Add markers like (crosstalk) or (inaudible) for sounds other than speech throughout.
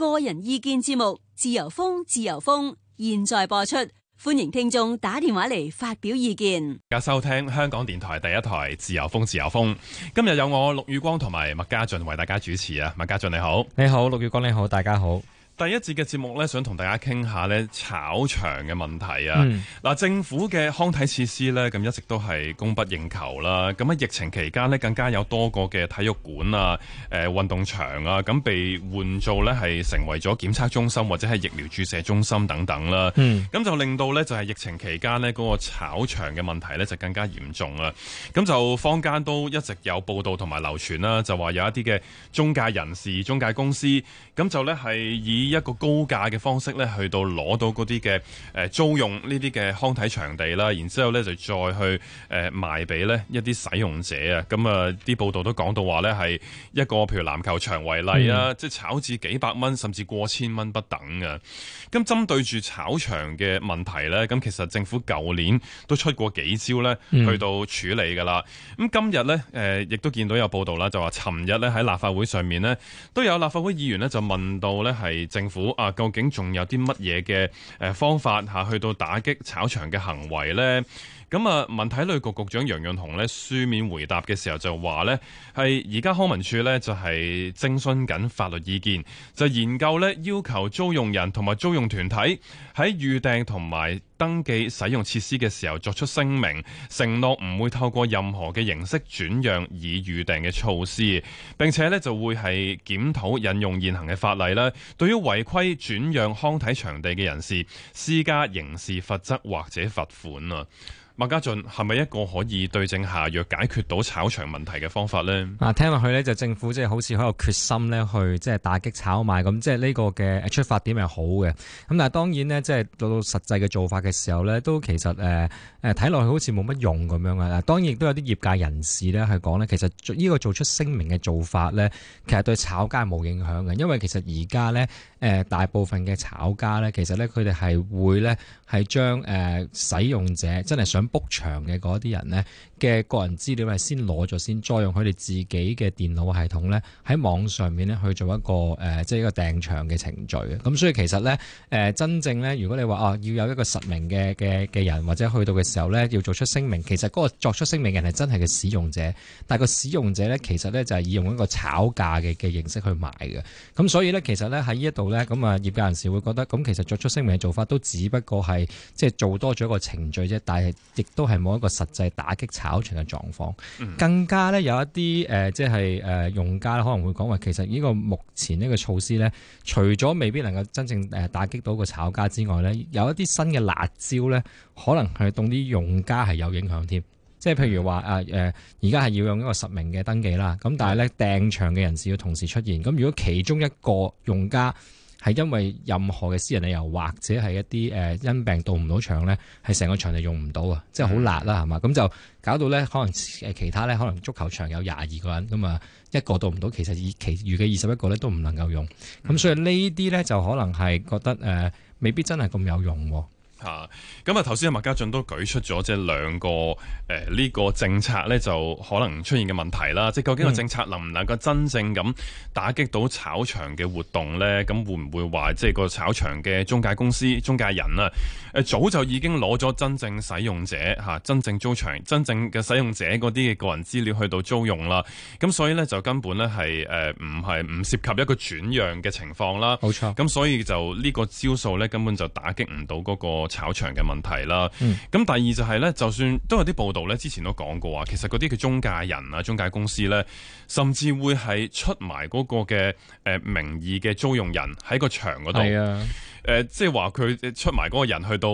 個人意見節目《自由風》，自由風現在播出，歡迎聽眾打電話嚟發表意見。而家收聽香港電台第一台《自由風》，自由風今日有我陸宇光同埋麥家俊為大家主持啊！麥家俊你好，你好，陸宇光你好，大家好。第一節嘅節目咧，想同大家傾下咧炒場嘅問題啊！嗱、嗯，政府嘅康體設施咧，咁一直都係供不應求啦。咁喺疫情期間呢，更加有多個嘅體育館啊、誒、呃、運動場啊，咁被換做咧係成為咗檢測中心或者係疫苗注射中心等等啦。嗯，咁就令到咧就係疫情期間呢嗰個炒場嘅問題咧就更加嚴重喇。咁就坊間都一直有報道同埋流傳啦，就話有一啲嘅中介人士、中介公司咁就咧係以一個高價嘅方式咧，去到攞到嗰啲嘅誒租用呢啲嘅康體場地啦，然之後咧就再去誒賣俾咧一啲使用者啊。咁啊，啲報道都講到話咧，係一個譬如籃球場為例啊，即係炒至幾百蚊，甚至過千蚊不等嘅。咁針對住炒場嘅問題咧，咁其實政府舊年都出過幾招咧，去到處理噶啦。咁今日咧，誒亦都見到有報道啦，就話尋日咧喺立法會上面咧，都有立法會議員咧就問到咧係，政府啊，究竟仲有啲乜嘢嘅誒方法吓，啊、去到打擊炒場嘅行為咧？咁啊，文體旅局局長楊潤雄咧書面回答嘅時候就話呢係而家康文署呢，就係徵詢緊法律意見，就研究呢，要求租用人同埋租用團體喺預訂同埋登記使用設施嘅時候作出聲明，承諾唔會透過任何嘅形式轉讓已預訂嘅措施，並且呢，就會係檢討引用現行嘅法例啦，對於違規轉讓康體場地嘅人士，施加刑事罰則或者罰款啊。麥家俊，係咪一個可以對症下藥解決到炒場問題嘅方法咧？啊，聽落去咧，就政府即係好似好有決心咧，去即係打擊炒賣咁，即係呢個嘅出發點係好嘅。咁但係當然咧，即係到到實際嘅做法嘅時候咧，都其實誒誒睇落去好似冇乜用咁樣嘅啦，當然亦都有啲業界人士咧係講咧，其實呢個做出聲明嘅做法咧，其實對炒家係冇影響嘅，因為其實而家咧誒大部分嘅炒家咧，其實咧佢哋係會咧。係將誒使用者真係想 book 場嘅嗰啲人呢嘅個人資料係先攞咗先，再用佢哋自己嘅電腦系統呢喺網上面呢去做一個誒、呃，即係一個訂場嘅程序。咁所以其實呢，誒、呃，真正呢，如果你話啊要有一個實名嘅嘅嘅人，或者去到嘅時候呢，要做出聲明，其實嗰個作出聲明嘅人係真係嘅使用者，但係個使用者呢，其實呢就係、是、以用一個炒價嘅嘅形式去買嘅。咁所以呢，其實呢，喺呢一度呢，咁啊業界人士會覺得，咁其實作出聲明嘅做法都只不過係。即係做多咗一個程序啫，但係亦都係冇一個實際打擊炒場嘅狀況。更加咧有一啲誒，即係誒用家可能會講話，其實呢個目前呢個措施咧，除咗未必能夠真正誒打擊到個炒家之外咧，有一啲新嘅辣椒咧，可能係凍啲用家係有影響添。即係譬如話，誒、誒，而家係要用一個實名嘅登記啦，咁但係咧訂場嘅人士要同時出現，咁如果其中一個用家。係因為任何嘅私人理由，或者係一啲誒、呃、因病到唔到場呢，係成個場就用唔到啊！即係好辣啦，係嘛是的？咁就搞到呢，可能其他呢，可能足球場有廿二個人咁啊，一個到唔到，其實以其餘嘅二十一個呢都唔能夠用。咁所以呢啲呢，就可能係覺得誒、呃、未必真係咁有用，啊。咁啊，頭先阿麥家俊都舉出咗即係兩個呢、呃呢個政策咧，就可能出現嘅問題啦。即係究竟個政策能唔能夠真正咁打擊到炒場嘅活動咧？咁會唔會話即係個炒場嘅中介公司、中介人啊，呃、早就已經攞咗真正使用者、啊、真正租場、真正嘅使用者嗰啲嘅個人資料去到租用啦。咁所以咧就根本咧係唔係唔涉及一個轉讓嘅情況啦。冇錯。咁所以就呢個招數咧根本就打擊唔到嗰個。炒場嘅問題啦，咁、嗯、第二就係、是、呢，就算都有啲報道呢，之前都講過啊，其實嗰啲嘅中介人啊、中介公司呢，甚至會係出埋嗰個嘅誒名義嘅租用人喺個場嗰度。誒、呃，即係話佢出埋嗰個人去到，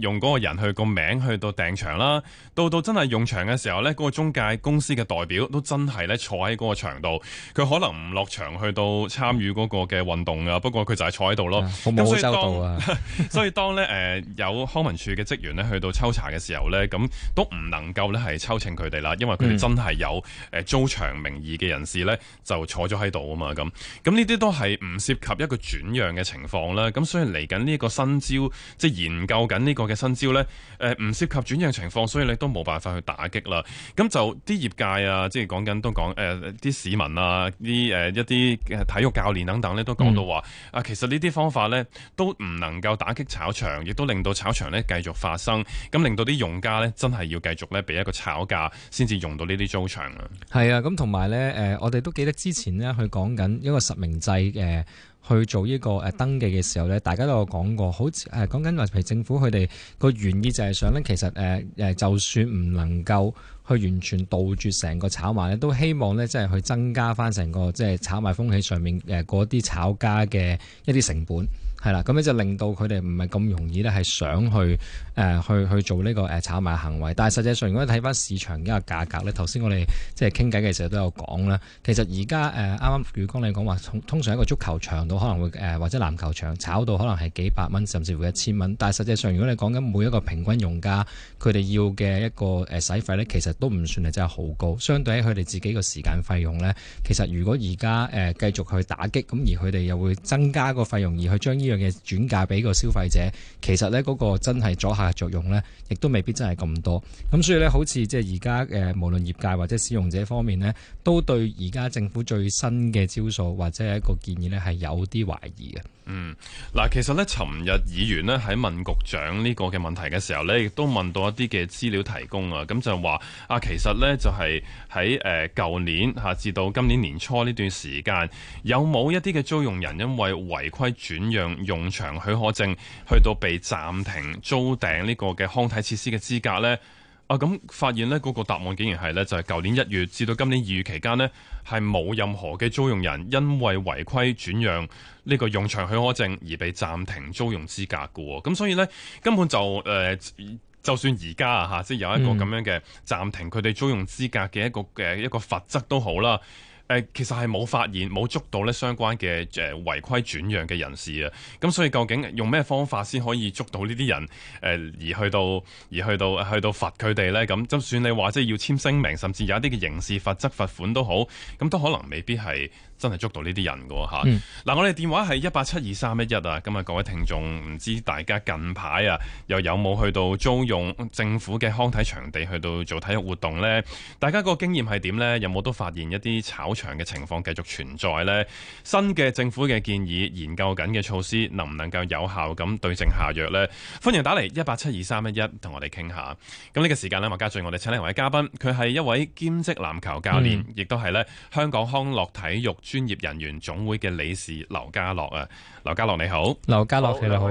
用嗰個人去個名去到訂場啦，到到真係用場嘅時候呢嗰，那個中介公司嘅代表都真係咧坐喺嗰個場度，佢可能唔落場去到參與嗰個嘅運動㗎、啊，不過佢就係坐喺度咯，冇冇收到啊？所以當， (laughs) 所以當呢，誒、呃、有康文署嘅職員呢去到抽查嘅時候呢，咁都唔能夠呢係抽秤佢哋啦，因為佢哋真係有誒租場名義嘅人士呢，就坐咗喺度啊嘛，咁咁呢啲都係唔涉及一個轉讓嘅情況啦，咁所以。嚟緊呢個新招，即係研究緊呢個嘅新招呢，誒，唔涉及轉讓情況，所以你都冇辦法去打擊啦。咁就啲業界啊，即係講緊都講，誒、呃，啲市民啊，啲誒一啲、呃、體育教練等等呢，都講到話啊，其實呢啲方法呢，都唔能夠打擊炒場，亦都令到炒場呢繼續發生，咁令到啲用家呢，真係要繼續呢，俾一個炒價，先至用到呢啲租場啊。係啊，咁同埋呢，誒，我哋都記得之前呢，佢講緊一個實名制嘅。去做呢個誒登記嘅時候呢，大家都有講過，好似誒講緊話，譬如政府佢哋個原意就係想呢其實、啊啊、就算唔能夠去完全杜絕成個炒賣咧，都希望呢即係去增加翻成個即係炒賣風氣上面嗰啲炒家嘅一啲成本。係啦，咁咧就令到佢哋唔係咁容易咧，係想去、呃、去去做呢個、啊、炒賣行為。但係實際上，如果睇翻市場嘅價格呢頭先我哋即係傾偈嘅時候都有講啦。其實而家誒啱啱雨光你講話通，通常一個足球場度可能會、呃、或者籃球場炒到可能係幾百蚊，甚至乎一千蚊。但係實際上，如果你講緊每一個平均用家佢哋要嘅一個誒、呃、使費呢，其實都唔算係真係好高。相對於佢哋自己個時間費用呢，其實如果而家誒繼續去打擊，咁而佢哋又會增加個費用而去將呢。嘅轉嫁俾個消費者，其實呢嗰個真係阻嚇作用呢，亦都未必真係咁多。咁所以呢，好似即係而家誒，無論業界或者使用者方面呢，都對而家政府最新嘅招數或者係一個建議呢，係有啲懷疑嘅。嗯，嗱，其實咧，尋日議員咧喺問局長呢個嘅問題嘅時候咧，亦都問到一啲嘅資料提供啊，咁就話啊，其實咧就係喺誒舊年吓，啊、至到今年年初呢段時間，有冇一啲嘅租用人因為違規轉讓用場許可證，去到被暫停租訂呢個嘅康體設施嘅資格咧？啊！咁發現咧，個、那個答案竟然係咧，就係、是、舊年一月至到今年二月期間呢，係冇任何嘅租用人因為違規轉讓呢個用場許可證而被暫停租用資格㗎喎、哦。咁所以呢，根本就、呃、就算而家啊即、就是、有一個咁樣嘅暫停佢哋租用資格嘅一個嘅、嗯、一個罰則都好啦。誒、呃、其實係冇發現冇捉到咧相關嘅誒、呃、違規轉讓嘅人士啊，咁所以究竟用咩方法先可以捉到呢啲人？誒、呃、而去到而去到、啊、去到罰佢哋呢？咁就算你話即係要簽聲明，甚至有一啲嘅刑事罰則罰款都好，咁都可能未必係。真係捉到呢啲人嘅吓，嗱、嗯啊、我哋電話係一八七二三一一啊，今日各位聽眾，唔知大家近排啊又有冇去到租用政府嘅康體場地去到做體育活動呢？大家個經驗係點呢？有冇都發現一啲炒場嘅情況繼續存在呢？新嘅政府嘅建議研究緊嘅措施，能唔能夠有效咁對症下藥呢？歡迎打嚟，一八七二三一一，同我哋傾下。咁呢個時間呢，麥家俊，我哋請嚟兩位嘉賓，佢係一位兼職籃球教練，亦都係呢香港康樂體育。專業人員總會嘅理事劉家樂啊，劉家樂你好，劉家樂 Okay, 你好，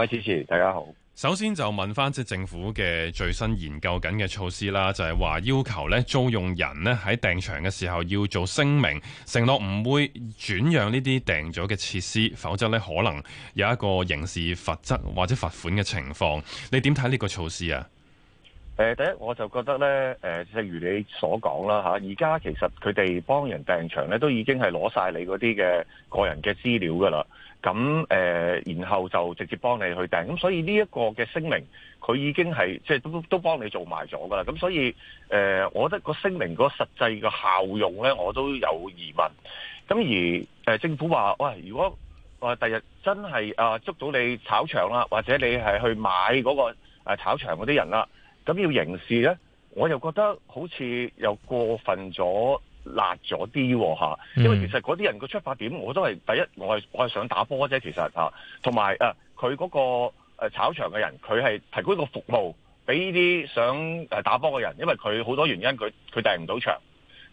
係，主持大家好。首先就問翻即政府嘅最新研究緊嘅措施啦，就係、是、話要求呢租用人呢喺訂場嘅時候要做聲明，承諾唔會轉讓呢啲訂咗嘅設施，否則呢可能有一個刑事罰則或者罰款嘅情況。你點睇呢個措施啊？誒第一，我就覺得呢，誒，正如你所講啦，嚇，而家其實佢哋幫人訂場呢，都已經係攞晒你嗰啲嘅個人嘅資料㗎啦。咁誒、呃，然後就直接幫你去訂。咁所以呢一個嘅聲明，佢已經係即係都都幫你做埋咗㗎啦。咁所以誒、呃，我覺得個聲明個實際嘅效用呢，我都有疑問。咁而政府話，喂、哎，如果誒第日真係啊捉到你炒場啦，或者你係去買嗰個炒場嗰啲人啦。咁要刑事咧，我又覺得好似又過分咗、辣咗啲喎嚇。因為其實嗰啲人個出發點我都係第一，我係我係想打波啫。其實嚇，同埋誒佢嗰個誒炒場嘅人，佢係提供一個服務俾呢啲想誒打波嘅人，因為佢好多原因佢佢訂唔到場，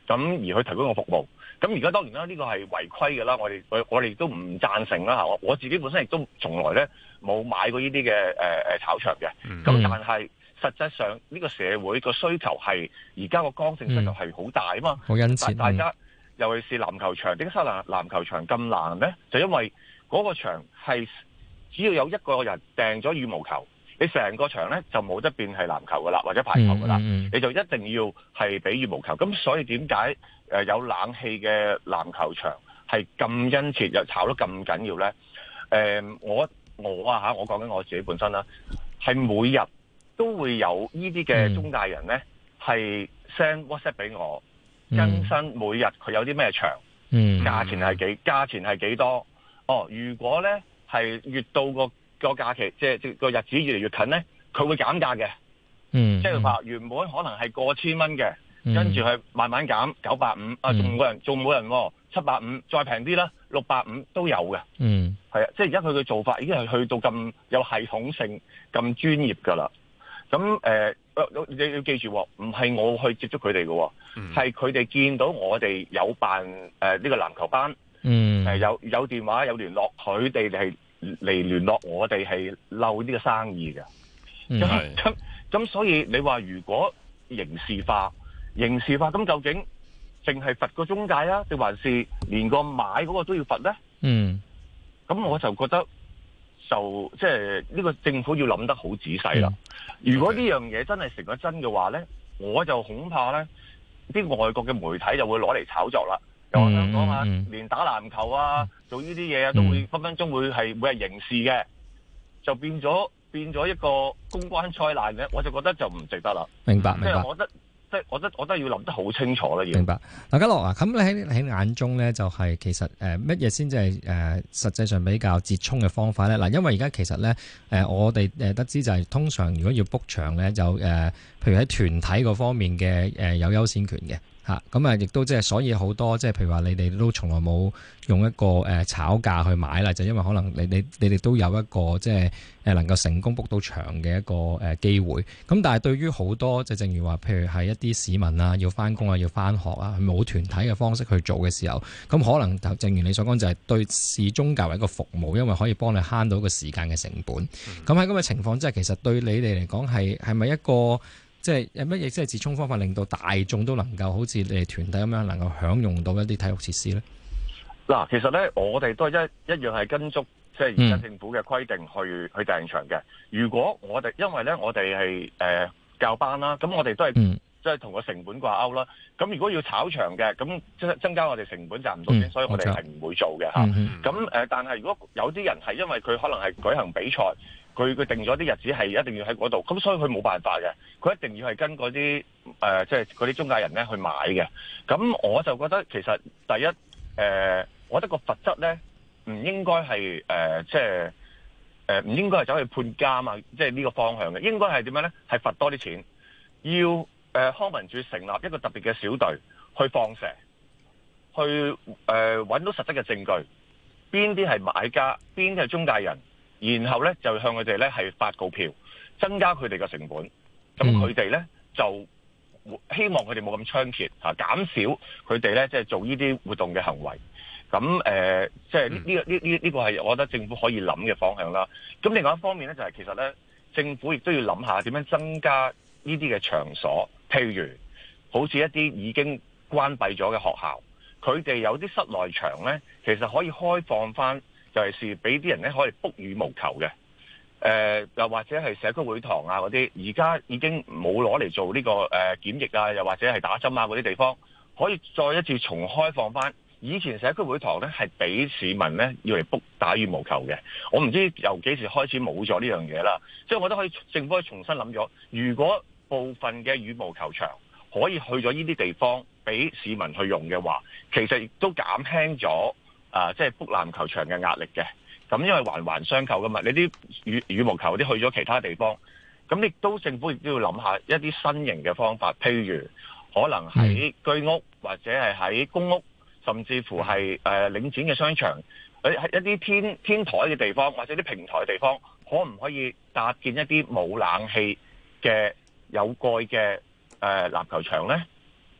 咁而去提供個服務。咁而家當然啦，呢個係違規嘅啦。我哋我我哋都唔贊成啦嚇。我我自己本身亦都從來咧冇買過呢啲嘅誒誒炒場嘅。咁但係，嗯實際上呢、呢個社會個需求係而家個剛性需求係好大啊嘛，嗯嗯、但大家尤其是籃球場，點解籃球場咁難呢？就因為嗰個場係只要有一個人訂咗羽毛球，你成個場呢就冇得變係籃球噶啦，或者排球噶啦，嗯嗯嗯你就一定要係俾羽毛球。咁所以點解有冷氣嘅籃球場係咁殷切又炒得咁緊要呢？誒、嗯，我我啊我講緊我自己本身啦，係每日。都會有呢啲嘅中介人呢，係、嗯、send WhatsApp 俾我、嗯、更新每日佢有啲咩場，價、嗯、錢係幾，價錢係幾多？哦，如果呢係越到個個假期，即係個日子越嚟越近呢，佢會減價嘅。嗯，即係話原本可能係過千蚊嘅，跟住係慢慢減九百五啊，仲冇人仲冇人，七百五再平啲啦，六百五都有嘅。嗯，係啊，即係而家佢嘅做法已經係去到咁有系統性、咁專業㗎啦。咁誒，你、呃、你要記住，唔係我去接觸佢哋嘅，係佢哋見到我哋有辦誒呢、呃呢個籃球班，嗯呃、有有電話有聯絡，佢哋係嚟聯絡我哋係漏呢個生意嘅。咁咁、嗯、所以你話如果刑事化，刑事化，咁究竟淨係罰個中介啊，定還是連個買嗰個都要罰咧？嗯，咁我就覺得。就即係呢個政府要諗得好仔細啦。如果呢樣嘢真係成咗真嘅話咧，我就恐怕咧啲外國嘅媒體就會攞嚟炒作啦。又話香港啊，連打籃球啊，做呢啲嘢啊，都會分分鐘會係、嗯、每日刑事嘅，就變咗變咗一個公關災難嘅。我就覺得就唔值得啦。明白，即係我覺得。即我覺得我都要諗得好清楚啦。要明白，嗱，家樂啊，咁你喺喺眼中咧，就係其實誒乜嘢先至係誒實際上比較折衷嘅方法咧？嗱，因為而家其實咧誒，我哋誒得知就係通常如果要 book 場咧，就誒，譬如喺團體嗰方面嘅誒有優先權嘅。吓咁啊！亦都即係所以好多即係譬如話，你哋都從來冇用一個誒、呃、炒價去買啦，就是、因為可能你你哋都有一個即係、就是、能夠成功 book 到場嘅一個誒機會。咁但係對於好多即係正如話，譬如係一啲市民啊，要翻工啊，要翻學啊，冇團體嘅方式去做嘅時候，咁可能就正如你所講，就係對市中作為一個服務，因為可以幫你慳到個時間嘅成本。咁喺咁嘅情況下，即係其實對你哋嚟講係係咪一個？即係有乜嘢，即係折衷方法，令到大眾都能夠好似你哋團體咁樣，能夠享用到一啲體育設施咧。嗱，其實咧，我哋都係一一樣係跟足即係而家政府嘅規定去去訂場嘅。如果我哋因為咧，我哋係誒教班啦，咁我哋都係即係同個成本掛鈎啦。咁如果要炒場嘅，咁即係增加我哋成本賺唔到嘅，嗯、所以我哋係唔會做嘅嚇。咁誒、嗯哼啊，但係如果有啲人係因為佢可能係舉行比賽。佢佢定咗啲日子係一定要喺嗰度，咁所以佢冇辦法嘅，佢一定要係跟嗰啲誒，即係嗰啲中介人咧去買嘅。咁我就覺得其實第一誒、呃，我覺得個罰則咧唔應該係誒，即係誒唔應該係走去判監啊，即係呢個方向嘅，應該係點樣咧？係罰多啲錢，要誒康文署成立一個特別嘅小隊去放蛇，去誒、呃、搵到實質嘅證據，邊啲係買家，邊啲係中介人。然後咧就向佢哋咧係發告票，增加佢哋嘅成本。咁佢哋咧就希望佢哋冇咁猖獗嚇，減少佢哋咧即係做呢啲活動嘅行為。咁誒，即係呢個呢呢呢個係我覺得政府可以諗嘅方向啦。咁另外一方面咧就係其實咧，政府亦都要諗下點樣增加呢啲嘅場所，譬如好似一啲已經關閉咗嘅學校，佢哋有啲室內場咧，其實可以開放翻。就係是俾啲人咧可以卜羽毛球嘅，誒、呃、又或者係社區會堂啊嗰啲，而家已經冇攞嚟做呢個誒檢疫啊，又或者係打針啊嗰啲地方，可以再一次重開放翻。以前社區會堂咧係俾市民咧要嚟卜打羽毛球嘅，我唔知由幾時開始冇咗呢樣嘢啦。所以我覺得可以政府可以重新諗咗，如果部分嘅羽毛球場可以去咗呢啲地方俾市民去用嘅話，其實亦都減輕咗。啊，即係複籃球場嘅壓力嘅，咁因為環環相扣噶嘛，你啲羽羽毛球啲去咗其他地方，咁亦都政府亦都要諗下一啲新型嘅方法，譬如可能喺居屋或者係喺公屋，甚至乎係誒、呃、領展嘅商場，喺一啲天天台嘅地方，或者啲平台嘅地方，可唔可以搭建一啲冇冷氣嘅有蓋嘅誒、呃、籃球場呢？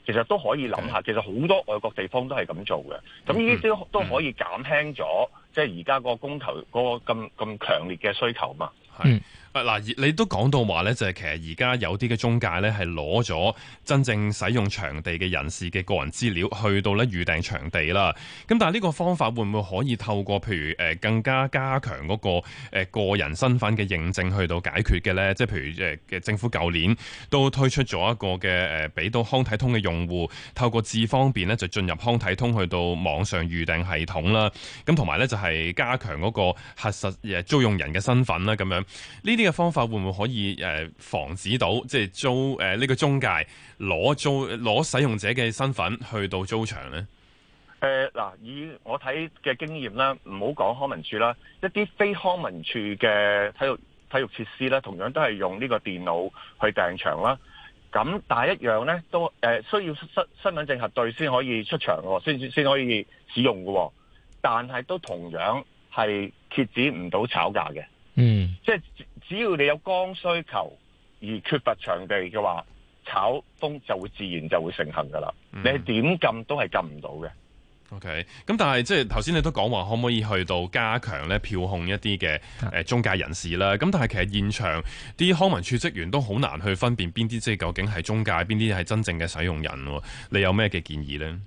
其實都可以諗下，其實好多外國地方都係咁做嘅，咁呢啲都可以減輕咗，即係而家個供求嗰個咁咁強烈嘅需求嘛，係。嗱，而你都講到話咧，就係其實而家有啲嘅中介咧，係攞咗真正使用場地嘅人士嘅個人資料，去到咧預訂場地啦。咁但係呢個方法會唔會可以透過譬如誒更加加強嗰個個人身份嘅認證去到解決嘅咧？即係譬如誒嘅政府舊年都推出咗一個嘅誒俾到康體通嘅用戶透過智方便咧，就進入康體通去到網上預訂系統啦。咁同埋咧就係加強嗰個核實誒租用人嘅身份啦。咁樣呢啲。呢個方法會唔會可以誒防止到即係租誒呢、呃這個中介攞租攞使用者嘅身份去到租場呢？誒嗱、呃，以我睇嘅經驗咧，唔好講康文署啦，一啲非康文署嘅體育體育設施咧，同樣都係用呢個電腦去訂場啦。咁但係一樣咧，都、呃、誒需要身身份證核對先可以出場嘅，先先可以使用嘅。但係都同樣係遏止唔到炒價嘅。嗯，即係。只要你有剛需求而缺乏場地嘅話，炒風就會自然就會盛行噶啦。嗯、你係點禁都係禁唔到嘅。OK，咁但係即係頭先你都講話可唔可以去到加強咧，票控一啲嘅誒中介人士啦。咁但係其實現場啲康文署職員都好難去分辨邊啲即係究竟係中介，邊啲係真正嘅使用人，你有咩嘅建議咧？誒、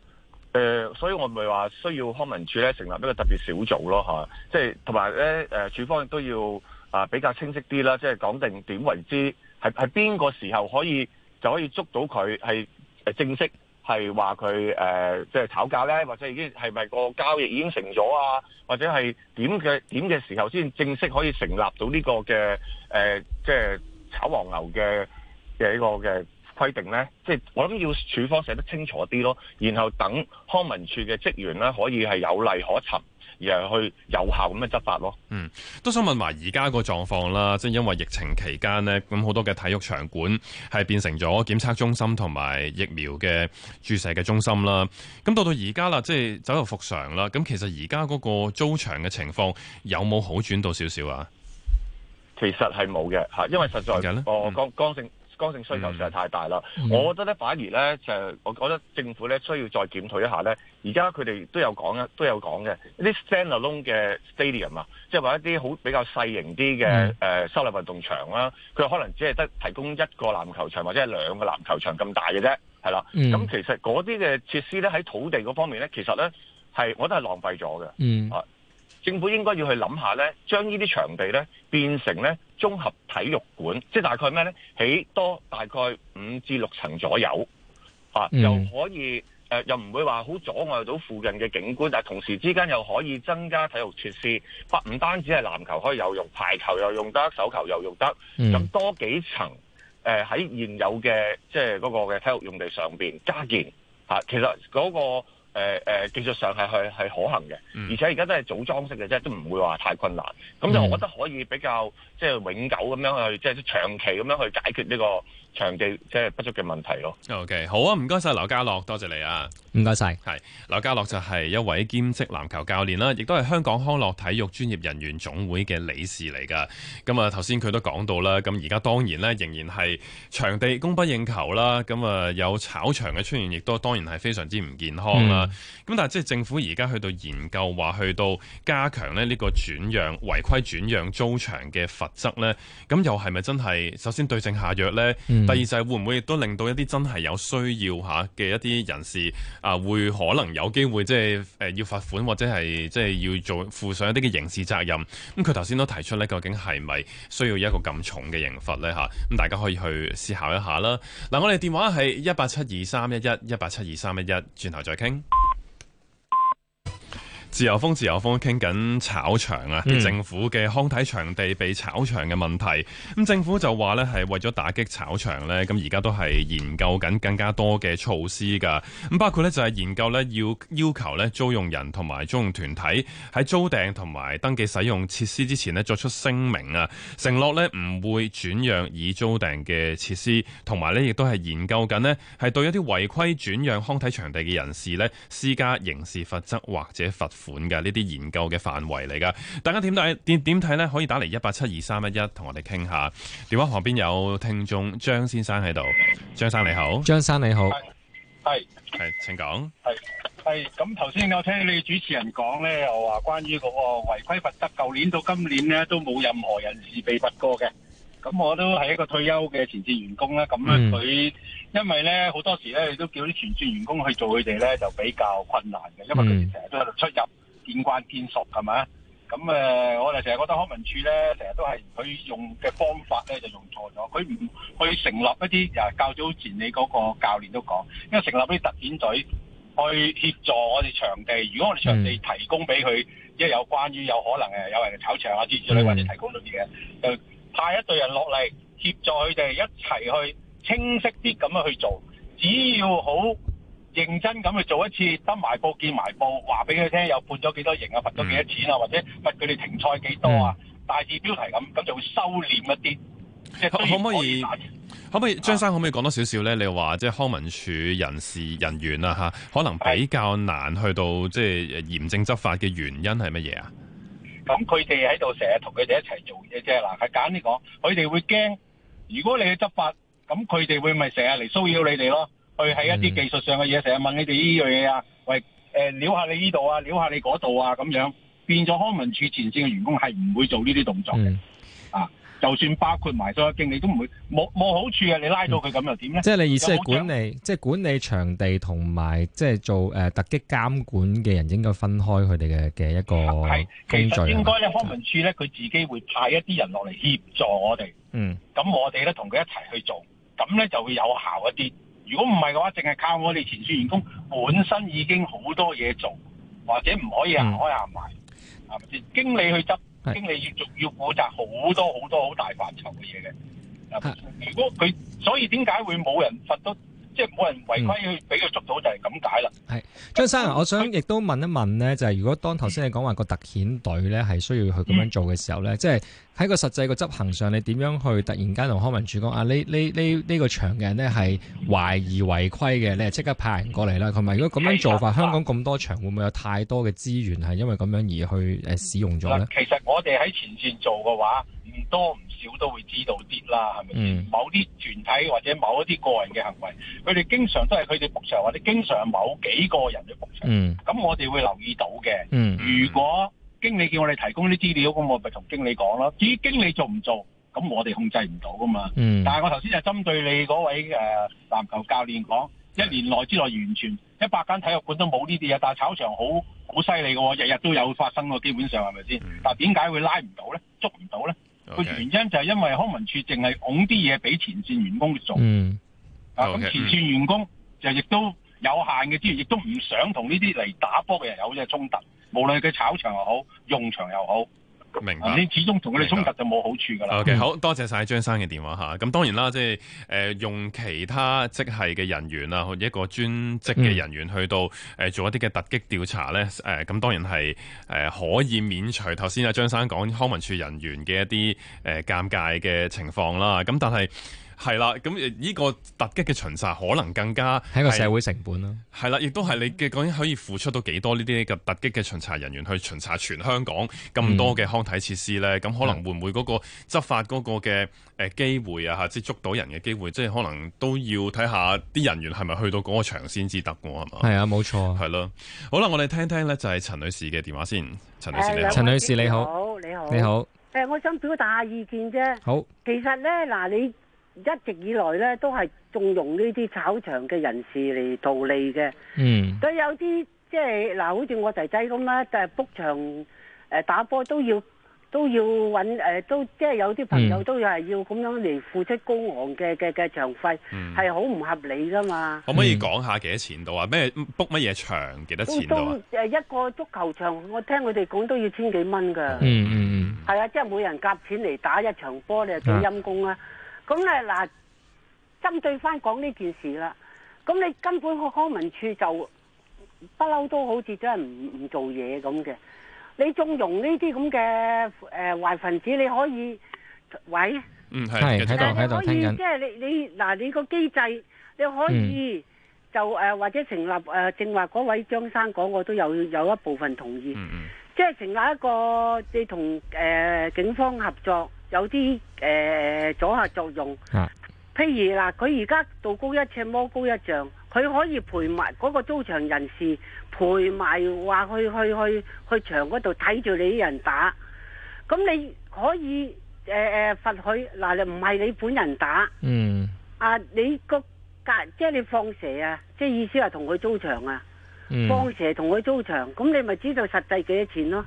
呃，所以我咪話需要康文署咧成立一個特別小組咯吓，即係同埋咧誒處方亦都要。啊，比較清晰啲啦，即係講定點為之，係係邊個時候可以就可以捉到佢係誒正式係話佢誒即係炒價咧，或者已經係咪個交易已經成咗啊？或者係點嘅點嘅時候先正式可以成立到呢個嘅誒，即係炒黃牛嘅嘅呢個嘅。規定呢，即係我諗要處方寫得清楚啲咯，然後等康文署嘅職員呢，可以係有例可循，而係去有效咁嘅執法咯。嗯，都想問下而家個狀況啦，即係因為疫情期間呢，咁好多嘅體育場館係變成咗檢測中心同埋疫苗嘅注射嘅中心啦。咁到到而家啦，即係走入復常啦。咁其實而家嗰個租場嘅情況有冇好轉到少少啊？其實係冇嘅，因為實在我剛、哦、剛性。嗯剛性需求實在太大啦，mm hmm. 我覺得咧反而咧就，我覺得政府咧需要再檢討一下咧。而家佢哋都有講嘅，都有講嘅一啲 standalone 嘅 stadium 啊，即係話一啲好比較細型啲嘅誒，修、呃、立運動場啦、啊，佢可能只係得提供一個籃球場或者係兩個籃球場咁大嘅啫，係啦。咁、mm hmm. 其實嗰啲嘅設施咧喺土地嗰方面咧，其實咧係我覺得係浪費咗嘅，啊、mm。Hmm. 政府應該要去諗下咧，將呢啲場地咧變成咧綜合體育館，即係大概咩咧？起多大概五至六層左右啊，嗯、又可以、呃、又唔會話好阻礙到附近嘅景觀，但係同時之間又可以增加體育設施。不唔單止係籃球可以有用，排球又用得，手球又用得。咁、嗯、多幾層誒喺現有嘅即係嗰個嘅體育用地上邊加建、啊、其實嗰、那個。誒誒、呃呃、技術上係係、係可行嘅，嗯、而且而家都係組裝式嘅啫，都唔會話太困難。咁、嗯、就我覺得可以比較即係、就是、永久咁樣去，即、就、係、是、長期咁樣去解決呢、這個。場地即係不足嘅問題咯。O、okay, K，好啊，唔該晒劉家樂，多謝，謝你啊，唔該晒，係劉家樂就係一位兼職籃球教練啦，亦都係香港康樂體育專業人員總會嘅理事嚟噶。咁啊，頭先佢都講到啦，咁而家當然咧，仍然係場地供不應求啦。咁啊，有炒場嘅出現，亦都當然係非常之唔健康啦。咁、嗯、但係即係政府而家去到研究話去到加強咧呢個轉讓違規轉讓租場嘅罰則呢。咁又係咪真係首先對症下藥呢？嗯嗯、第二就係會唔會亦都令到一啲真係有需要嚇嘅一啲人士啊，會可能有機會即係誒要罰款，或者係即係要做負上一啲嘅刑事責任。咁佢頭先都提出咧，究竟係咪需要一個咁重嘅刑罰咧嚇？咁大家可以去思考一下啦。嗱，我哋電話係一八七二三一一一八七二三一一，轉頭再傾。自由風自由風傾緊炒場啊！嗯、政府嘅康體場地被炒場嘅問題，咁政府就話咧係為咗打擊炒場咧，咁而家都係研究緊更加多嘅措施噶。咁包括咧就係研究咧要要求咧租用人同埋租用團體喺租訂同埋登記使用設施之前呢作出聲明啊，承諾咧唔會轉讓已租訂嘅設施，同埋咧亦都係研究緊呢係對一啲違規轉讓康體場地嘅人士呢施加刑事罰則或者罰。款嘅呢啲研究嘅範圍嚟噶，大家點睇？點點睇咧？可以打嚟一八七二三一一同我哋傾下。電話旁邊有聽眾張先生喺度，張生你好，張生你好，係係請講。係係咁頭先我聽你主持人講咧，又話關於嗰個違規罰則，舊年到今年咧都冇任何人士被罰過嘅。咁我都係一個退休嘅前線員工啦，咁樣佢。因為咧，好多時咧，你都叫啲前線員工去做佢哋咧，就比較困難嘅，因為佢哋成日都喺度出入見慣見熟嘛，係咪咁誒，我哋成日覺得康文署咧，成日都係佢用嘅方法咧，就用錯咗。佢唔去成立一啲誒，較早前你嗰個教練都講，因為成立啲特遣隊去協助我哋場地。如果我哋場地提供俾佢，即係、嗯、有關於有可能誒，有人炒場啊之類，或者、嗯、提供到嘢，嗯、就派一隊人落嚟協助佢哋一齊去，清晰啲咁樣去做，只要好認真咁去做一次，得埋報見埋報，話俾佢聽又判咗幾多刑啊，罰咗幾多錢啊，或者罰佢哋停賽幾多啊，嗯、大致標題咁，咁就會收斂一啲。可唔可，可以，啊、可唔可以？張生可唔可以講多少少咧？你話即係康文署人事人員啊，嚇，可能比較難去到即係嚴正執法嘅原因係乜嘢啊？咁佢哋喺度成日同佢哋一齊做嘢啫。嗱、這個，係簡單啲講，佢哋會驚，如果你去執法。咁佢哋會咪成日嚟騷擾你哋咯？去喺一啲技術上嘅嘢，成日問你哋呢樣嘢啊！喂，誒撩下你呢度啊，撩下你嗰度啊，咁樣變咗康文署前線嘅員工係唔會做呢啲動作嘅、嗯、啊！就算包括埋所有經理都唔會，冇冇好處呀、啊。你拉到佢咁又點咧？即係你意思係管理，即係管理場地同埋，即係做誒突擊監管嘅人應該分開佢哋嘅嘅一個工作。應該咧，的康文署咧佢自己會派一啲人落嚟協助我哋。嗯，咁我哋咧同佢一齊去做。咁咧就會有效一啲。如果唔係嘅話，淨係靠我哋前線員工本身已經好多嘢做，或者唔可以行開行埋，係咪先？經理去執，經理要做要負責好多好多好大範疇嘅嘢嘅。如果佢，所以點解會冇人罰得？即係冇人違規，去俾佢捉到就係咁解啦。係張生，我想亦都問一問咧，是就係如果當頭先你講話個特遣隊咧，係需要去咁樣做嘅時候咧，即係喺個實際個執行上，你點樣去突然間同康文署講啊？呢呢呢呢個場嘅人咧係懷疑違規嘅，你係即刻派人過嚟啦，同埋如果咁樣做法，啊、香港咁多場會唔會有太多嘅資源係因為咁樣而去誒使用咗咧？其實我哋喺前線做嘅話，唔多。少都會知道啲啦，係咪先？嗯、某啲團體或者某一啲個人嘅行為，佢哋經常都係佢哋僕場，或者經常某幾個人嘅僕場。咁、嗯、我哋會留意到嘅。嗯、如果經理叫我哋提供啲資料，咁我咪同經理講咯。至於經理做唔做，咁我哋控制唔到噶嘛。嗯、但係我頭先就針對你嗰位誒籃球教練講，一年內之內完全一百間體育館都冇呢啲嘢，但係炒場好好犀利嘅喎，日日都有發生喎，基本上係咪先？是是嗯、但點解會拉唔到呢？捉唔到呢？個 Okay. 原因就係因為康文署淨係拱啲嘢俾前線員工去做 mm. Okay . Mm. 啊，啊咁前線員工就亦都有限嘅資源，亦都唔想同呢啲嚟打波嘅人有呢個衝突，無論佢炒場又好，用場又好。明白，你始終同佢哋衝突就冇好處噶啦。OK，好多謝晒張生嘅電話嚇。咁當然啦，即係誒用其他即係嘅人員啊，或者一個專職嘅人員去到誒、呃、做一啲嘅突擊調查咧。誒咁、嗯呃、當然係誒、呃、可以免除頭先啊張生講康文署人員嘅一啲誒尷尬嘅情況啦。咁但係。但係啦，咁呢個突擊嘅巡查可能更加喺個社會成本咯、啊。係啦，亦都係你嘅究竟可以付出到幾多呢啲嘅突擊嘅巡查人員去巡查全香港咁多嘅康體設施咧？咁、嗯、可能會唔會嗰個執法嗰個嘅誒機會啊吓，即係捉到人嘅機會，即、就、係、是、可能都要睇下啲人員係咪去到嗰個場先至得喎，係嘛？係啊，冇錯、啊，係咯。好啦，我哋聽聽咧，就係陳女士嘅電話先。陳女士，陳女士你好，你好，你好。誒好、欸，我想表達下意見啫。好，其實咧，嗱你。一直以來咧都係縱容呢啲炒場嘅人士嚟圖利嘅。嗯，所以有啲即係嗱，好似我仔仔咁啦，就 book、是、場、呃、打波都要都要揾誒、呃，都即係、就是、有啲朋友都係要咁樣嚟付出高昂嘅嘅嘅場費，係好唔合理㗎嘛。嗯、可唔可以講下幾多錢度啊？咩 book 乜嘢場幾多錢度、啊？啊、呃？一個足球場，我聽佢哋講都要千幾蚊㗎、嗯。嗯嗯嗯。係啊，即係每人夾錢嚟打一場波，你係幾陰功啊？啊。咁咧嗱，針對翻講呢件事啦，咁你根本個康文署就不嬲都好似真係唔唔做嘢咁嘅，你縱容呢啲咁嘅誒壞分子，你可以喂？嗯，係，喺度喺度聽緊。即係你你嗱，你個機制，你可以就誒或者成立誒，正話嗰位張生講，我都有有一部分同意，即係成立一個即同誒警方合作。有啲誒阻嚇作用，譬如嗱，佢而家道高一尺魔高一丈，佢可以陪埋嗰個租場人士陪埋話去去去去場嗰度睇住你啲人打，咁你可以誒誒罰佢嗱，你唔係你本人打，啊你個隔即係你放蛇啊，即係意思話同佢租場啊，放蛇同佢租場，咁你咪知道實際幾多錢咯，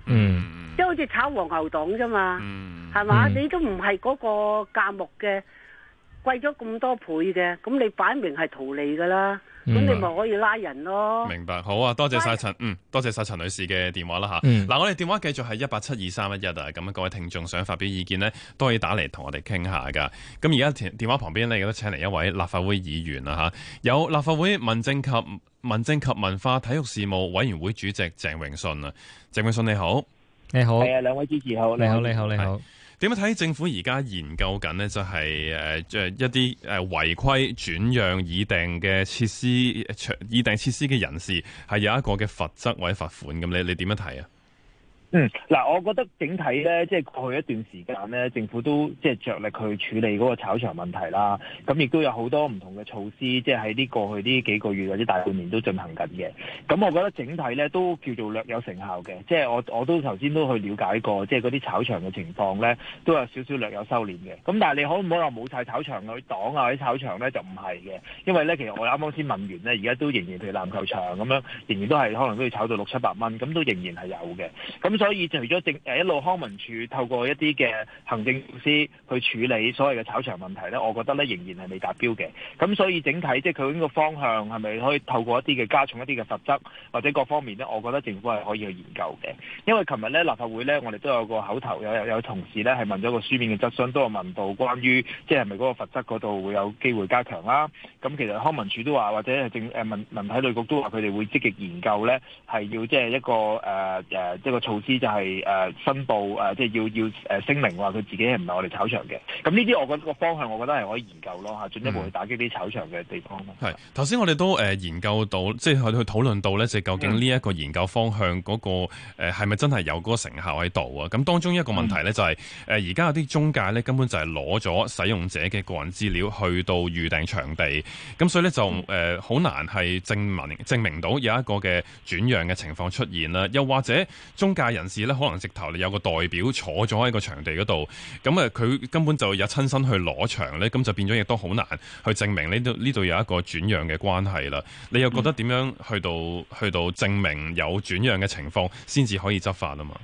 即係好似炒黃牛黨啫嘛。係嘛？你都唔係嗰個價目嘅，貴咗咁多倍嘅，咁你擺明係圖利噶啦，咁你咪可以拉人咯。明白，好啊，多謝晒陳，哎、嗯，多謝晒陳女士嘅電話啦吓，嗱，我哋電話繼續係一八七二三一一啊，咁啊，各位聽眾想發表意見呢，都可以打嚟同我哋傾下噶。咁而家電電話旁邊呢，亦都請嚟一位立法會議員啦吓，有立法會民政及民政及文化體育事務委員會主席鄭泳舜。啊，鄭泳舜，你好，你好，係啊，兩位主持好，你好，你好，你好。點樣睇政府而家研究緊呢？就係誒，一啲誒違規轉讓已訂嘅設施、已訂設施嘅人士，係有一個嘅罰則或者罰款咁。你你點樣睇啊？嗯，嗱，我覺得整體咧，即係過去一段時間咧，政府都即係着力去處理嗰個炒場問題啦。咁亦都有好多唔同嘅措施，即係喺呢過去呢幾個月或者大半年都進行緊嘅。咁我覺得整體咧都叫做略有成效嘅。即係我我都頭先都去了解過，即係嗰啲炒場嘅情況咧，都有少少略有收斂嘅。咁但係你可唔可以話冇晒炒場去擋下啊？啲炒場咧就唔係嘅，因為咧其實我啱啱先問完咧，而家都仍然譬如籃球場咁樣，仍然都係可能都要炒到六七百蚊，咁都仍然係有嘅。咁所以除咗政誒一路康文署透過一啲嘅行政司去處理所謂嘅炒場問題咧，我覺得咧仍然係未達標嘅。咁所以整體即係佢呢個方向係咪可以透過一啲嘅加重一啲嘅罰則或者各方面咧，我覺得政府係可以去研究嘅。因為琴日咧立法會咧，我哋都有個口頭有有同事咧係問咗個書面嘅質詢，都有問到關於即係係咪嗰個罰則嗰度會有機會加強啦、啊。咁其實康文署都話或者係政誒文文體旅局都話佢哋會積極研究咧，係要即係一個誒誒即係個措施。啲就係誒申報誒即係要要誒聲明話佢自己係唔係我哋炒場嘅。咁呢啲我覺得個方向，我覺得係可以研究咯，吓進一步去打擊啲炒場嘅地方。係頭先我哋都誒研究到，即係去討論到咧，即係究竟呢一個研究方向嗰個，誒，係咪真係有嗰個成效喺度啊？咁當中一個問題咧就係誒而家有啲中介咧根本就係攞咗使用者嘅個人資料去到預訂場地，咁所以咧就誒好難係證明，嗯、證明到有一個嘅轉讓嘅情況出現啦。又或者中介人人士咧，可能直頭你有個代表坐咗喺個場地嗰度，咁啊，佢根本就有親身去攞場咧，咁就變咗亦都好難去證明呢度呢度有一個轉讓嘅關係啦。你又覺得點樣去到、嗯、去到證明有轉讓嘅情況，先至可以執法啊嘛？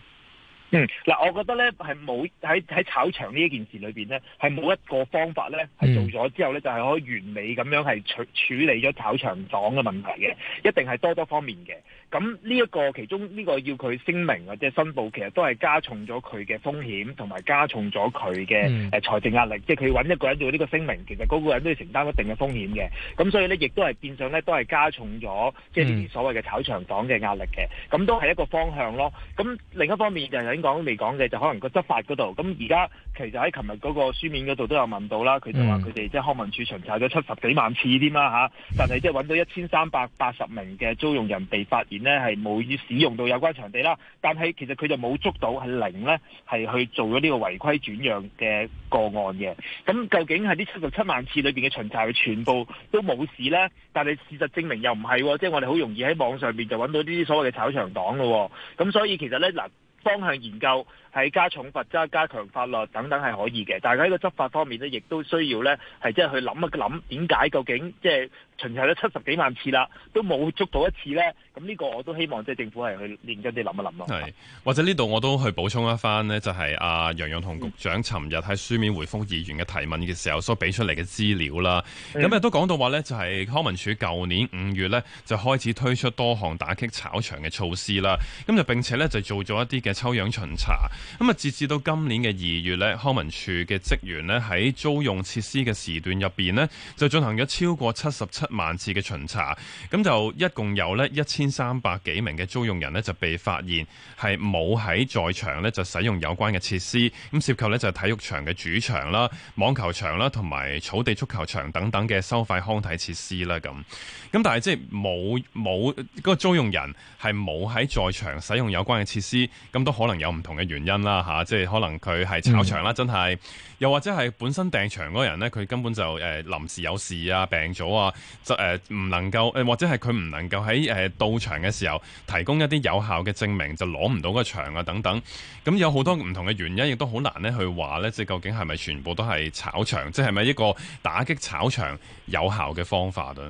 嗯，嗱，我覺得咧係冇喺喺炒場呢一件事裏邊咧，係冇一個方法咧係做咗之後咧，就係可以完美咁樣係處處理咗炒場黨嘅問題嘅，一定係多多方面嘅。咁呢一個其中呢、這個要佢聲明或者申報其實都係加重咗佢嘅風險同埋加重咗佢嘅誒財政壓力。嗯、即係佢揾一個人做呢個聲明，其實嗰個人都要承擔一定嘅風險嘅。咁所以咧，亦都係變相咧，都係加重咗即係呢啲所謂嘅炒場黨嘅壓力嘅。咁都係一個方向咯。咁另一方面就係、是。點講未講嘅就可能個執法嗰度。咁而家其實喺琴日嗰個書面嗰度都有問到啦，佢就話佢哋即係康文署巡查咗七十幾萬次添啦吓，但係即係揾到一千三百八十名嘅租用人被發現呢，係冇使用到有關場地啦，但係其實佢就冇捉到係零呢，係去做咗呢個違規轉讓嘅個案嘅。咁究竟係啲七十七萬次裏邊嘅巡查，佢全部都冇事呢？但係事實證明又唔係，即係我哋好容易喺網上邊就搵到呢啲所謂嘅炒場黨咯。咁所以其實呢。嗱。方向研究。係加重罰則、加強法律等等係可以嘅。但係喺個執法方面呢，亦都需要呢，係即係去諗一諗點解究竟即係巡查咗七十幾萬次啦，都冇捉到一次呢。咁呢個我都希望即係政府係去認真啲諗一諗咯。係，或者呢度我都去補充一翻呢、就是，就係阿楊楊同局，局長尋日喺書面回覆議員嘅提問嘅時候所俾出嚟嘅資料啦。咁亦、嗯、都講到話呢，就係康文署舊年五月呢，就開始推出多項打擊炒場嘅措施啦。咁就並且呢，就做咗一啲嘅抽樣巡查。咁啊，截至到今年嘅二月咧，康文署嘅職員咧喺租用設施嘅時段入邊咧，就進行咗超過七十七萬次嘅巡查。咁就一共有咧一千三百幾名嘅租用人咧就被發現係冇喺在場咧就使用有關嘅設施。咁涉及咧就體育場嘅主場啦、網球場啦、同埋草地足球場等等嘅收費康體設施啦。咁咁但係即係冇冇嗰個租用人係冇喺在場使用有關嘅設施，咁都可能有唔同嘅原因。啦吓，即係可能佢係炒場啦，嗯、真係，又或者係本身訂場嗰個人呢，佢根本就誒臨、呃、時有事啊，病咗啊，就誒唔、呃、能夠誒，或者係佢唔能夠喺誒到場嘅時候提供一啲有效嘅證明，就攞唔到個場啊等等。咁有好多唔同嘅原因，亦都好難呢去話呢，即究竟係咪全部都係炒場，即係咪一個打擊炒場有效嘅方法咧？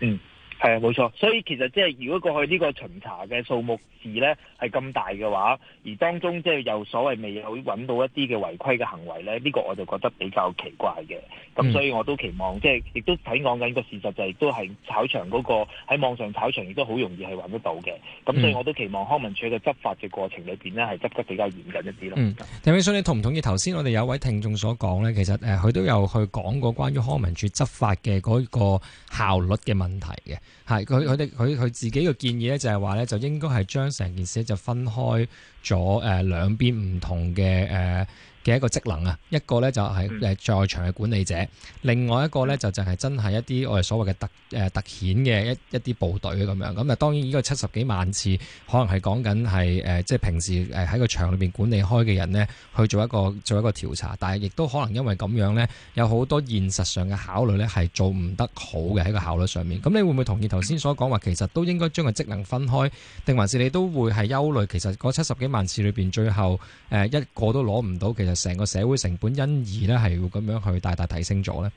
嗯。係啊，冇錯。所以其實即係如果過去呢個巡查嘅數目字咧係咁大嘅話，而當中即係又所謂未有揾到一啲嘅違規嘅行為咧，呢個我就覺得比較奇怪嘅。咁所以我都期望即係亦都睇講緊個事實就係，都係炒場嗰個喺網上炒場，亦都好容易係揾得到嘅。咁所以我都期望康文署嘅執法嘅過程裏邊咧，係執得比較嚴謹一啲咯，嗯。嗯，鄭泳舜，所以你同唔同意頭先我哋有位聽眾所講咧？其實誒，佢、呃、都有去講過關於康文署執法嘅嗰個效率嘅問題嘅。係佢佢哋佢佢自己嘅建議咧，就係話咧，就應該係將成件事就分開咗誒兩邊唔同嘅誒嘅一個職能啊，一個呢就係在場嘅管理者，嗯、另外一個呢就就係真係一啲我哋所謂嘅特誒、呃、特遣嘅一一啲部隊咁樣。咁啊當然呢個七十幾萬次，可能係講緊係即係平時喺個場裏邊管理開嘅人呢去做一個做一個調查，但係亦都可能因為咁樣呢，有好多現實上嘅考慮呢係做唔得好嘅喺個效率上面。咁你會唔會同意頭先所講話，其實都應該將個職能分開，定還是你都會係憂慮其實嗰七十幾萬次裏邊，最後、呃、一個都攞唔到其實成個社會成本，因而咧係會咁樣去大大提升咗咧。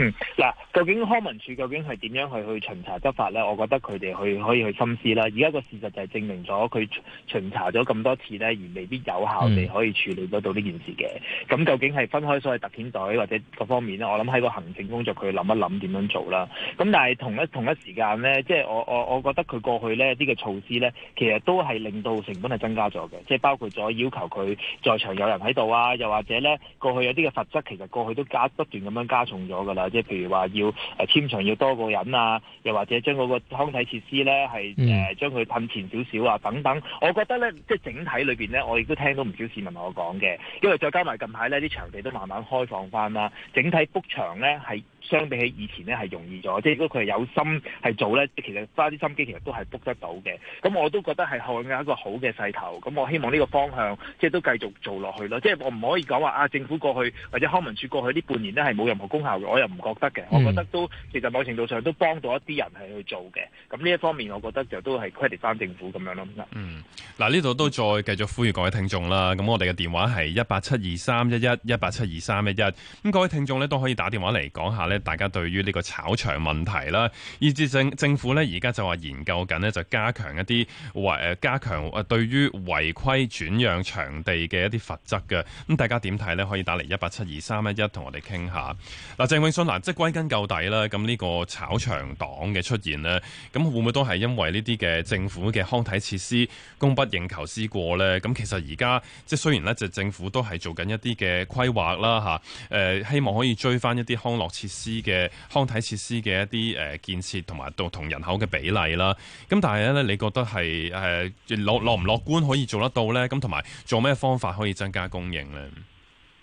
嗯，嗱，究竟康文署究竟係點樣去去巡查執法咧？我覺得佢哋去可以去深思啦。而家個事實就係證明咗佢巡查咗咁多次咧，而未必有效地可以處理得到呢件事嘅。咁、嗯、究竟係分開所謂特遣隊或者各方面咧？我諗喺個行政工作，佢諗一諗點樣做啦。咁但係同一同一時間咧，即係我我我覺得佢過去呢啲嘅、這個、措施咧，其實都係令到成本係增加咗嘅，即係包括咗要求佢在場有人喺度啊，又或者咧過去有啲嘅罰則，其實過去都加不斷咁樣加重咗㗎啦。即係譬如話要誒簽場要多個人啊，又或者將嗰個康體設施咧係誒將佢褪前少少啊等等，我覺得咧即係整體裏邊咧，我亦都聽到唔少市民同我講嘅，因為再加埋近排咧啲場地都慢慢開放翻啦，整體幅場咧係。相比起以前咧，係容易咗，即係如果佢係有心係做咧，其實花啲心機，其實都係 book 得到嘅。咁我都覺得係看緊一個好嘅勢頭。咁我希望呢個方向，即係都繼續做落去咯。即係我唔可以講話啊，政府過去或者康文署過去呢半年咧，係冇任何功效嘅。我又唔覺得嘅。嗯，我覺得都其實某程度上都幫到一啲人係去做嘅。咁呢一方面，我覺得就都係 credit 返政府咁樣咯。嗯，嗱，呢度都再繼續呼籲各位聽眾啦。咁我哋嘅電話係一八七二三一一一八七二三一一。咁各位聽眾咧都可以打電話嚟講一下咧。大家對於呢個炒場問題啦，以至政政府呢，而家就話研究緊呢，就加強一啲違誒加強誒、呃、對於違規轉讓場地嘅一啲罰則嘅。咁、嗯、大家點睇呢？可以打嚟一八七二三一一同我哋傾下。嗱、啊，鄭泳舜嗱、啊，即係歸根究底啦。咁呢個炒場黨嘅出現呢，咁會唔會都係因為呢啲嘅政府嘅康體設施供不應求之過呢？咁其實而家即係雖然呢，就政府都係做緊一啲嘅規劃啦，嚇、啊、誒、呃，希望可以追翻一啲康樂設。施嘅康體設施嘅一啲誒建設，同埋同同人口嘅比例啦。咁但係咧，你覺得係誒樂樂唔樂觀，可以做得到呢？咁同埋做咩方法可以增加供應呢？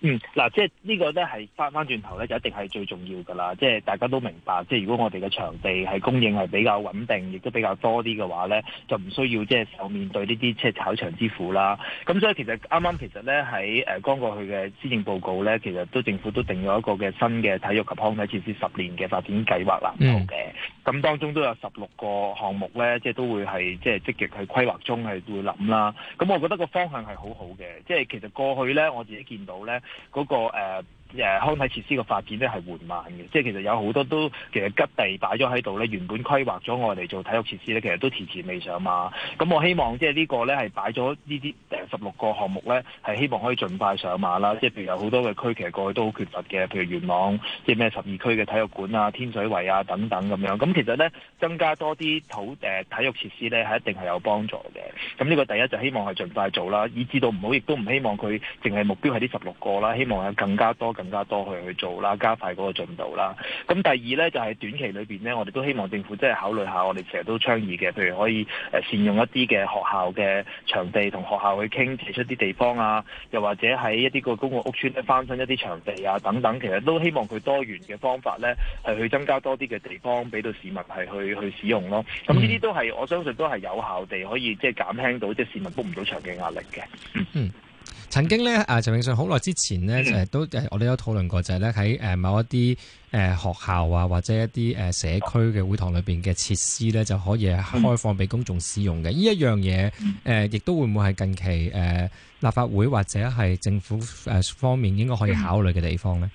嗯，嗱、這個，即係呢個咧係翻翻轉頭咧就一定係最重要㗎啦。即係大家都明白，即係如果我哋嘅場地係供應係比較穩定，亦都比較多啲嘅話咧，就唔需要即係受面對呢啲即係炒場之苦啦。咁所以其實啱啱其實咧喺誒剛過去嘅施政報告咧，其實都政府都定咗一個嘅新嘅體育及康體設施十年嘅發展計劃啦。好嘅、嗯，咁當中都有十六個項目咧，即係都會係即係積極去規劃中係會諗啦。咁我覺得個方向係好好嘅，即係其實過去咧我自己見到咧。嗰個誒康體設施嘅發展咧係緩慢嘅，即係其實有好多都其實吉地擺咗喺度咧，原本規劃咗我哋做體育設施咧，其實都遲遲未上馬。咁我希望即係呢個咧係擺咗呢啲十六個項目咧，係希望可以盡快上馬啦。即係譬如有好多嘅區其實過去都好缺乏嘅，譬如元朗即係咩十二區嘅體育館啊、天水圍啊等等咁樣。咁其實咧增加多啲土誒體育設施咧係一定係有幫助嘅。咁呢個第一就希望係盡快做啦。以至到唔好，亦都唔希望佢淨係目標係呢十六個啦，希望有更加多嘅。更加多去去做啦，加快嗰個進度啦。咁第二呢，就係、是、短期裏邊呢，我哋都希望政府即係考慮下，我哋成日都倡議嘅，譬如可以、呃、善用一啲嘅學校嘅場地，同學校去傾，提出啲地方啊，又或者喺一啲個公共屋邨咧翻新一啲場地啊等等，其實都希望佢多元嘅方法呢，係去增加多啲嘅地方俾到市民係去去使用咯。咁呢啲都係我相信都係有效地可以即係減輕到即係市民 book 唔到場嘅壓力嘅。嗯嗯。曾經咧，阿鄭泳舜好耐之前咧，誒都我哋都討論過，就係咧喺誒某一啲誒學校啊，或者一啲誒社區嘅會堂裏邊嘅設施咧，就可以開放俾公眾使用嘅。呢一樣嘢，誒，亦都會唔會係近期誒立法會或者係政府誒方面應該可以考慮嘅地方咧？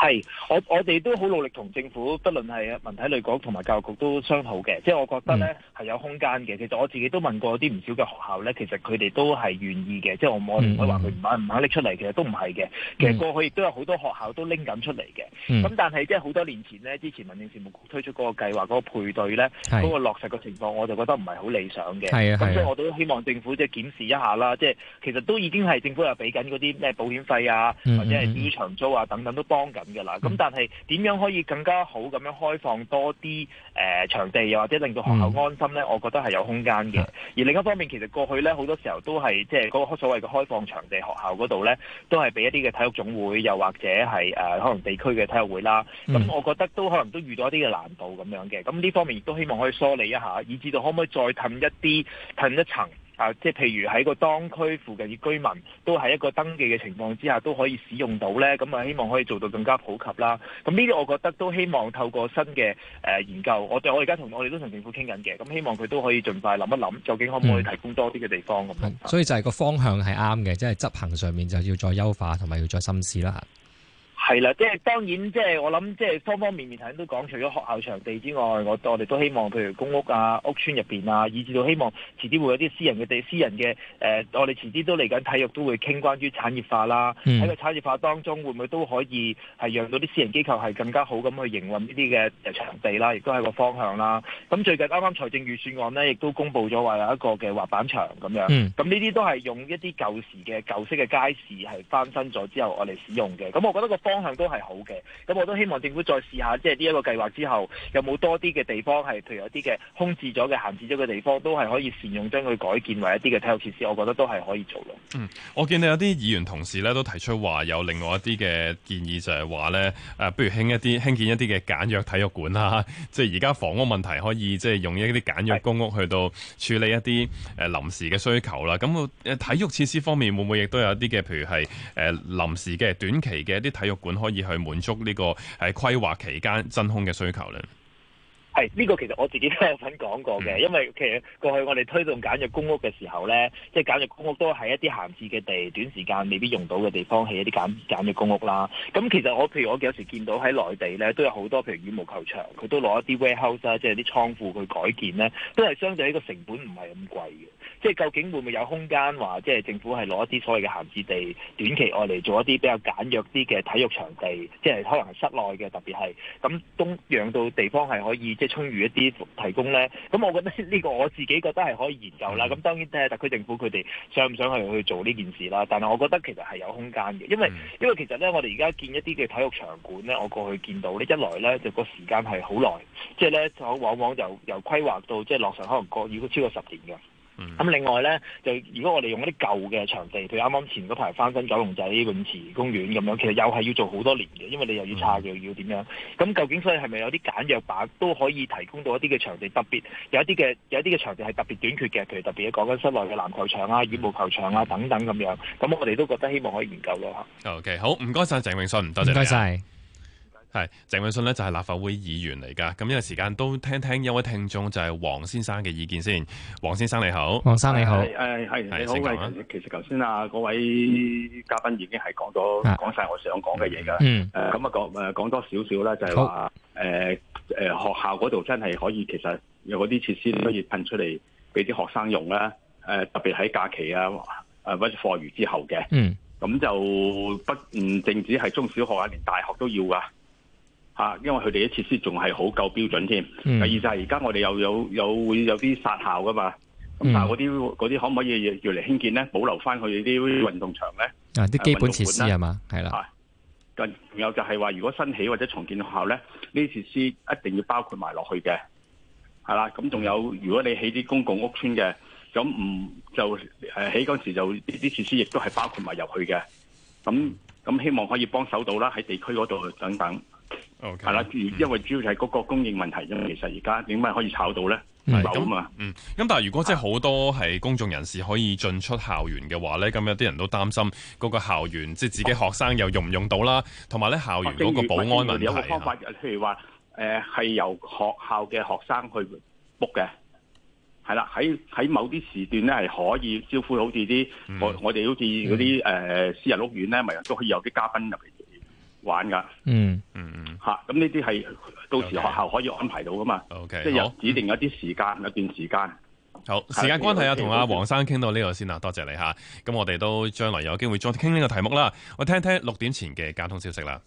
係，我我哋都好努力同政府，不論係文體旅局同埋教育局都商討嘅，即係我覺得咧係、嗯、有空間嘅。其實我自己都問過啲唔少嘅學校咧，其實佢哋都係願意嘅。即係我唔可以話佢唔肯唔肯拎出嚟，其實都唔係嘅。嗯、其實過去亦都有好多學校都拎緊出嚟嘅。咁、嗯、但係即係好多年前呢，之前民政事務局推出嗰個計劃、嗰、嗰個配對咧、嗰是個落實嘅情況，我就覺得唔係好理想嘅。啊，咁所以我都希望政府即係檢視一下啦。即係其實都已經係政府又俾緊嗰啲咩保險費啊，嗯、或者係短租啊等等都幫緊。啦，咁、嗯、但係點樣可以更加好咁樣開放多啲誒、呃、場地，又或者令到學校安心咧？嗯、我覺得係有空間嘅。的而另一方面，其實過去咧好多時候都係即係嗰個所謂嘅開放場地，學校嗰度咧都係俾一啲嘅體育總會，又或者係誒、呃、可能地區嘅體育會啦。咁、嗯、我覺得都可能都遇到一啲嘅難度咁樣嘅。咁呢方面亦都希望可以梳理一下，以至到可唔可以再褪一啲褪一層。啊，即係譬如喺個當區附近嘅居民，都喺一個登記嘅情況之下，都可以使用到咧。咁啊，希望可以做到更加普及啦。咁呢啲我覺得都希望透過新嘅研究，我哋我而家同我哋都同政府傾緊嘅。咁希望佢都可以盡快諗一諗，究竟可唔可以提供多啲嘅地方咁樣、嗯。所以就係個方向係啱嘅，即係執行上面就要再優化同埋要再深思啦。係啦，即係當然，即係我諗，即係方方面面頭先都講，除咗學校場地之外，我我哋都希望，譬如公屋啊、屋邨入邊啊，以至到希望遲啲會有啲私人嘅地、私人嘅誒、呃，我哋遲啲都嚟緊體育都會傾關於產業化啦。喺、mm. 個產業化當中，會唔會都可以係讓到啲私人機構係更加好咁去營運呢啲嘅場地啦，亦都係個方向啦。咁最近啱啱財政預算案呢，亦都公布咗話有一個嘅滑板場咁樣，咁呢啲都係用一啲舊時嘅舊式嘅街市係翻新咗之後，我哋使用嘅。咁我覺得個方方向都係好嘅，咁我都希望政府再試下，即係呢一個計劃之後，有冇多啲嘅地方，係譬如有啲嘅空置咗嘅、閒置咗嘅地方，都係可以善用，將佢改建為一啲嘅體育設施，我覺得都係可以做咯。嗯，我見到有啲議員同事咧都提出話，有另外一啲嘅建議就是說，就係話咧，誒不如興建一啲興建一啲嘅簡約體育館啦，即係而家房屋問題，可以即係用一啲簡約公屋去到處理一啲誒臨時嘅需求啦。咁誒的體育設施方面，會唔會亦都有一啲嘅，譬如係誒臨時嘅短期嘅一啲體育館。可以去滿足呢個喺規劃期間真空嘅需求咧。係呢、呢個其實我自己都有份講過嘅，因為其實過去我哋推動簡約公屋嘅時候咧，即係簡約公屋都係一啲閒置嘅地，短時間未必用到嘅地方，起一啲簡簡約公屋啦。咁其實我譬如我有時見到喺內地咧，都有好多譬如羽毛球場，佢都攞一啲 warehouse 啦，即係啲倉庫去改建咧，都係相對呢個成本唔係咁貴嘅。即係究竟會唔會有空間話，即、就、係、是、政府係攞一啲所謂嘅閒置地，短期外嚟做一啲比較簡約啲嘅體育場地，即係可能係室內嘅，特別係咁都讓到地方係可以即係、就是、充裕一啲提供呢。咁我覺得呢個我自己覺得係可以研究啦。咁當然睇下特區政府佢哋想唔想去去做呢件事啦。但係我覺得其實係有空間嘅，因為、嗯、因為其實呢，我哋而家建一啲嘅體育場館呢，我過去見到呢一來呢，就個時間係好耐，即、就、係、是、呢，往往往由由規劃到即係、就是、落成，可能過如果超過十年嘅。咁、嗯、另外呢，就如果我哋用一啲舊嘅場地，譬如啱啱前嗰排翻新九龍仔泳池、這個、公園咁樣，其實又係要做好多年嘅，因為你又要拆、嗯、又要點樣。咁究竟所以係咪有啲簡約版都可以提供到一啲嘅場地？特別有一啲嘅有一啲嘅場地係特別短缺嘅，譬如特別講緊、那個、室內嘅籃球場啊、羽毛球場啊等等咁樣。咁我哋都覺得希望可以研究咯。OK，好，唔該晒，鄭泳舜，唔該曬。謝謝。係鄭泳舜咧，就係立法會議員嚟噶，咁呢個時間都聽聽有位聽眾就係黃先生嘅意見先。黃先生你好，黃生你好，係係、啊、你好。喂求，其實頭先啊，各位嘉賓已經係講咗講晒我想講嘅嘢噶。嗯。誒、啊、咁、嗯、啊講誒講多少少咧，就係話誒誒學校嗰度真係可以，其實有嗰啲設施可以噴出嚟俾啲學生用啦。誒、啊，特別喺假期啊，誒或者課餘之後嘅。嗯。咁就不唔淨止係中小學啊，連大學都要啊。啊，因為佢哋嘅設施仲係好夠標準添。嗯、第二就係而家我哋又有有會有啲殺校㗎嘛，咁啊嗰啲啲可唔可以要嚟興建咧？保留返佢哋啲運動場咧？啊，啲基本設施係、啊、嘛，係啦、啊。咁仲有就係話，如果新起或者重建學校咧，呢啲設施一定要包括埋落去嘅。係啦，咁仲有如果你起啲公共屋邨嘅，咁唔就誒起嗰時候就呢啲設施亦都係包括埋入去嘅。咁咁希望可以幫手到啦，喺地區嗰度等等。係啦 Okay,，因為主要就係個個供應問題啫，其實而家點解可以炒到咧？咁啊、嗯、嘛。嗯，咁但係如果即係好多係公眾人士可以進出校園嘅話咧，咁有啲人都擔心嗰個校園，即係自己學生又用唔用到啦，同埋咧校園嗰個保安問題、啊、有個方法，譬如話誒，係、呃、由學校嘅學生去 book 嘅，係啦，喺喺某啲時段咧係可以招呼，嗯、好似啲我我哋好似嗰啲誒私人屋苑咧，咪都可以有啲嘉賓入嚟。玩噶，嗯嗯，嗯吓咁呢啲係到時學校可以安排到噶嘛？OK，即係有指定一啲時間，一段時間。嗯、時間好時間關係啊，同阿黃生傾到呢度先啦，多謝你吓。咁我哋都將來有機會再傾呢個題目啦。我聽聽六點前嘅交通消息啦。